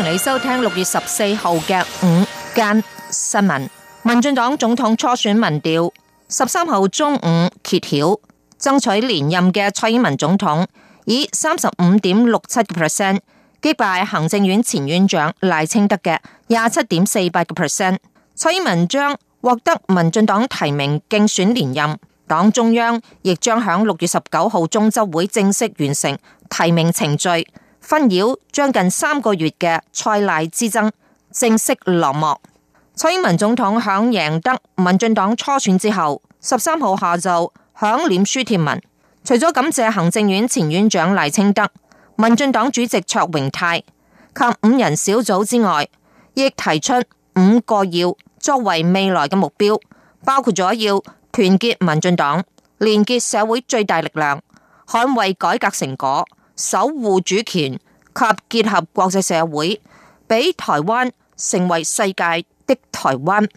歡迎你收聽六月十四號嘅午間新聞。民進黨總統初選民調十三號中午揭曉，爭取連任嘅蔡英文總統以三十五點六七 percent 擊敗行政院前院長賴清德嘅廿七點四八 percent。蔡英文將獲得民進黨提名競選連任，黨中央亦將響六月十九號中執會正式完成提名程序。紛擾將近三個月嘅蔡賴之爭正式落幕。蔡英文總統響贏得民進黨初選之後，十三號下晝響臉書貼文，除咗感謝行政院前院長賴清德、民進黨主席卓榮泰及五人小組之外，亦提出五個要作為未來嘅目標，包括咗要團結民進黨，連結社會最大力量，捍衛改革成果。守護主權及結合國際社會，俾台灣成為世界的台灣。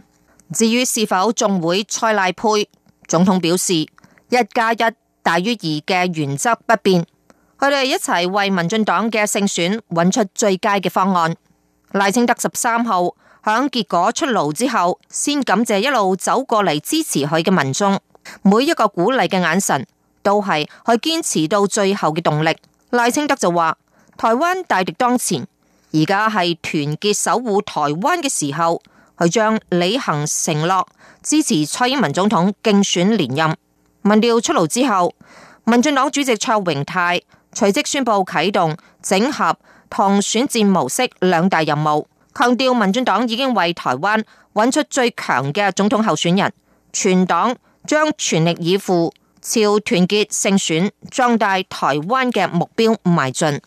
至於是否仲會蔡賴配，總統表示，一加一大於二嘅原則不變，佢哋一齊為民進黨嘅勝選揾出最佳嘅方案。賴清德十三號響結果出爐之後，先感謝一路走過嚟支持佢嘅民眾，每一個鼓勵嘅眼神都係佢堅持到最後嘅動力。賴清德就話：台灣大敵當前，而家係團結守護台灣嘅時候，佢將履行承諾，支持蔡英文總統競選連任。民調出爐之後，民進黨主席卓榮泰隨即宣布啟動整合同選戰模式兩大任務，強調民進黨已經為台灣揾出最強嘅總統候選人，全黨將全力以赴。朝團結勝選、壯大台灣嘅目標邁進。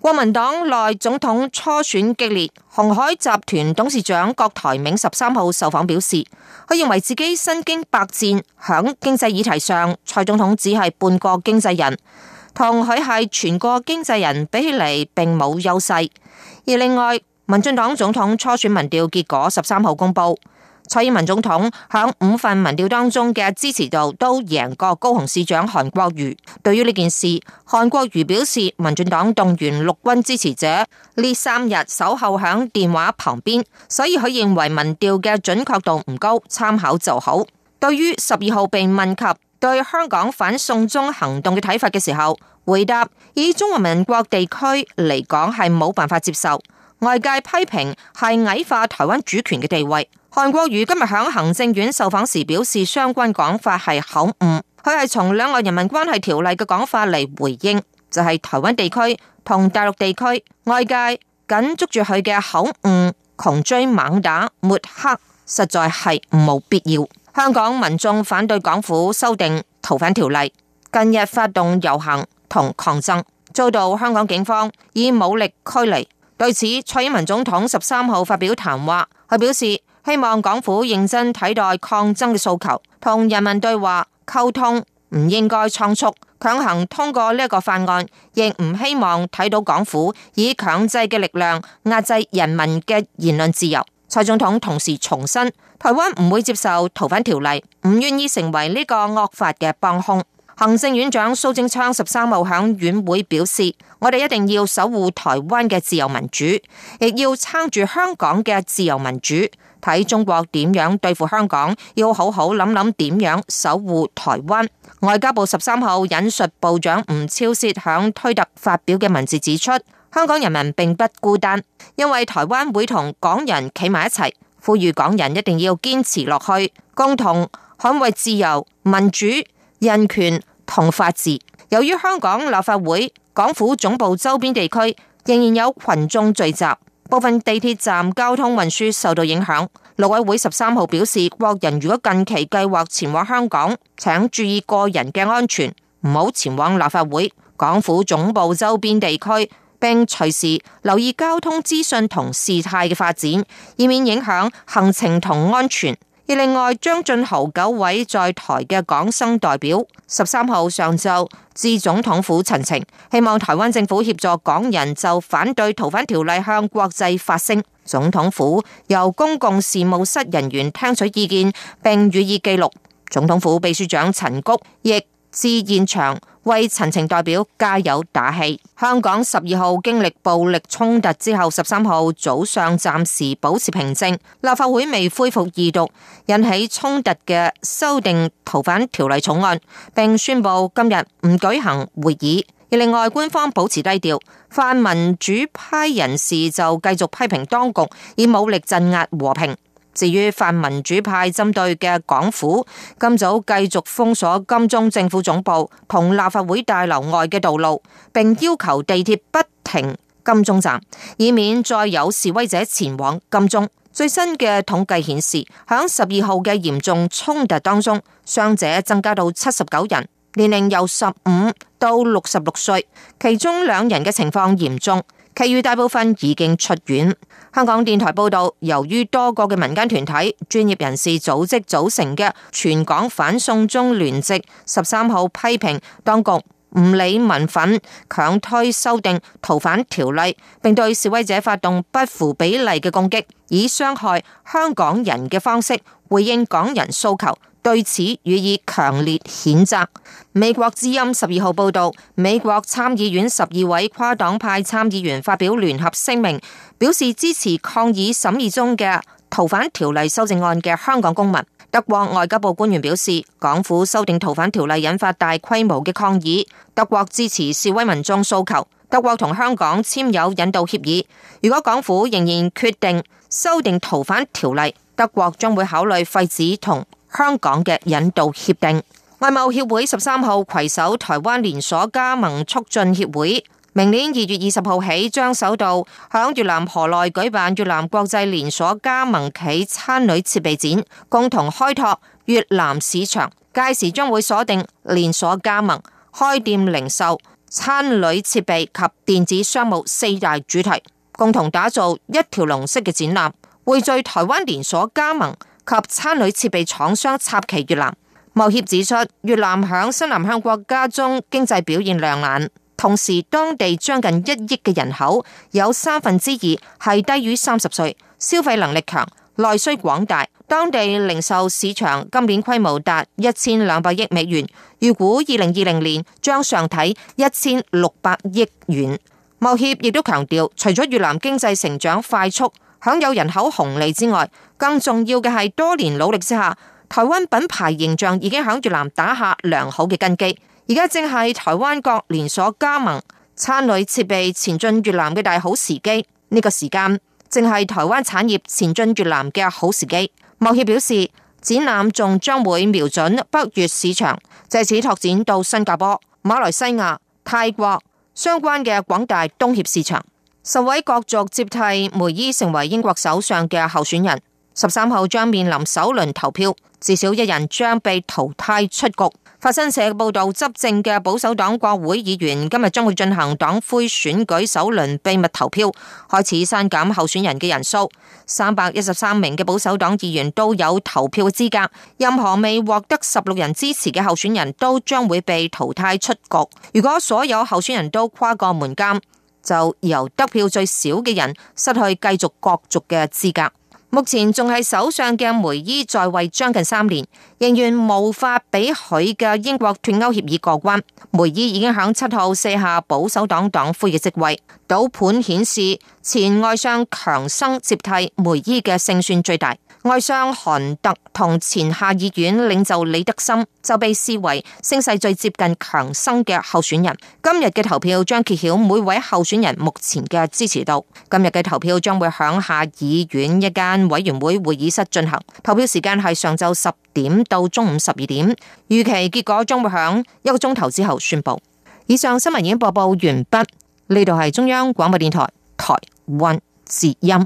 國民黨內總統初選激烈，鴻海集團董事長郭台銘十三號受訪表示，佢認為自己身經百戰，響經濟議題上，蔡總統只係半個經濟人，同佢係全個經濟人比起嚟，並冇優勢。而另外，民進黨總統初選民調結果十三號公布。蔡英文總統喺五份民調當中嘅支持度都贏過高雄市長韓國瑜。對於呢件事，韓國瑜表示，民進黨動員陸軍支持者呢三日守候喺電話旁邊，所以佢認為民調嘅準確度唔高，參考就好。對於十二號被問及對香港反送中行動嘅睇法嘅時候，回答以中華民國地區嚟講係冇辦法接受，外界批評係矮化台灣主權嘅地位。韓國瑜今日喺行政院受訪時表示，相關講法係口誤，佢係從兩岸人民關係條例嘅講法嚟回應，就係台灣地區同大陸地區。外界緊捉住佢嘅口誤，窮追猛打抹黑，實在係冇必要。香港民眾反對港府修訂逃犯條例，近日發動遊行同抗爭，遭到香港警方以武力驅離。對此，蔡英文總統十三號發表談話，佢表示。希望港府認真睇待抗爭嘅訴求，同人民對話溝通，唔應該倉促強行通過呢一個法案，亦唔希望睇到港府以強制嘅力量壓制人民嘅言論自由。蔡總統同時重申，台灣唔會接受逃犯條例，唔願意成為呢個惡法嘅幫凶。行政院長蘇貞昌十三號響院會表示，我哋一定要守護台灣嘅自由民主，亦要撐住香港嘅自由民主。睇中國點樣對付香港，要好好諗諗點樣守護台灣。外交部十三號引述部長吳釗燮響推特發表嘅文字指出：香港人民並不孤單，因為台灣會同港人企埋一齊，呼籲港人一定要堅持落去，共同捍衛自由、民主、人權同法治。由於香港立法會、港府總部周邊地區仍然有群眾聚集。部分地鐵站交通運輸受到影響。陸委會十三號表示，國人如果近期計劃前往香港，請注意個人嘅安全，唔好前往立法會、港府總部周邊地區，並隨時留意交通資訊同事態嘅發展，以免影響行程同安全。而另外，張俊豪九位在台嘅港生代表，十三號上晝致總統府陳情，希望台灣政府協助港人就反對逃犯條例向國際發聲。總統府由公共事務室人員聽取意見並予以記錄。總統府秘書長陳菊亦，至現場為陳情代表加油打氣。香港十二號經歷暴力衝突之後，十三號早上暫時保持平靜。立法會未恢復二讀引起衝突嘅修訂逃犯條例草案，並宣布今日唔舉行會議。而另外，官方保持低調，泛民主派人士就繼續批評當局以武力鎮壓和平。至於泛民主派針對嘅港府，今早繼續封鎖金鐘政府總部同立法會大樓外嘅道路，並要求地鐵不停金鐘站，以免再有示威者前往金鐘。最新嘅統計顯示，響十二號嘅嚴重衝突當中，傷者增加到七十九人，年齡由十五到六十六歲，其中兩人嘅情況嚴重。其餘大部分已經出院。香港電台報道，由於多個嘅民間團體、專業人士組織組成嘅全港反送中聯席，十三號批評當局唔理民憤，強推修訂逃犯條例，並對示威者發動不符比例嘅攻擊，以傷害香港人嘅方式回應港人訴求。對此予以強烈譴責。美國之音十二號報道，美國參議院十二位跨黨派參議員發表聯合聲明，表示支持抗議審議中嘅逃犯條例修正案嘅香港公民。德國外交部官員表示，港府修訂逃犯條例引發大規模嘅抗議，德國支持示威民眾訴求。德國同香港簽有引渡協議，如果港府仍然決定修訂逃犯條例，德國將會考慮廢止同。香港嘅引渡協定。外貿協會十三號攜手台灣連鎖加盟促進協會，明年二月二十號起將首度響越南河內舉辦越南國際連鎖加盟企餐旅設備展，共同開拓越南市場。屆時將會鎖定連鎖加盟、開店零售、餐旅設備及電子商務四大主題，共同打造一條龍式嘅展覽，匯聚台灣連鎖加盟及餐旅設備廠商插旗越南，貿協指出，越南響新南向國家中經濟表現亮眼，同時當地將近一億嘅人口，有三分之二係低於三十歲，消費能力強，內需廣大，當地零售市場今年規模達一千兩百億美元，預估二零二零年將上睇一千六百億元。貿協亦都強調，除咗越南經濟成長快速。享有人口紅利之外，更重要嘅係多年努力之下，台灣品牌形象已經響越南打下良好嘅根基。而家正係台灣各連鎖加盟餐旅設備前進越南嘅大好時機，呢、這個時間正係台灣產業前進越南嘅好時機。貿協表示，展覽仲將會瞄準北越市場，借此拓展到新加坡、馬來西亞、泰國相關嘅廣大東協市場。十位角逐接替梅伊成為英國首相嘅候選人，十三號將面臨首輪投票，至少一人將被淘汰出局。法新社報道，執政嘅保守黨國會議員今日將會進行黨魁選舉首輪秘密投票，開始刪減候選人嘅人數。三百一十三名嘅保守黨議員都有投票資格，任何未獲得十六人支持嘅候選人都將會被淘汰出局。如果所有候選人都跨過門檻。就由得票最少嘅人失去繼續角逐嘅資格。目前仲係首相嘅梅伊在位將近三年，仍然無法俾佢嘅英國脫歐協議過關。梅伊已經響七號卸下保守黨黨魁嘅職位，賭盤顯示前外相強生接替梅伊嘅勝算最大。外相韓特同前下議院領袖李德森就被視為聲勢最接近強生嘅候選人。今日嘅投票將揭曉每位候選人目前嘅支持度。今日嘅投票將會響下議院一間委員會會議室進行。投票時間係上晝十點到中午十二點，預期結果將會響一個鐘頭之後宣布。以上新聞已經播報完畢。呢度係中央廣播電台，台灣之音。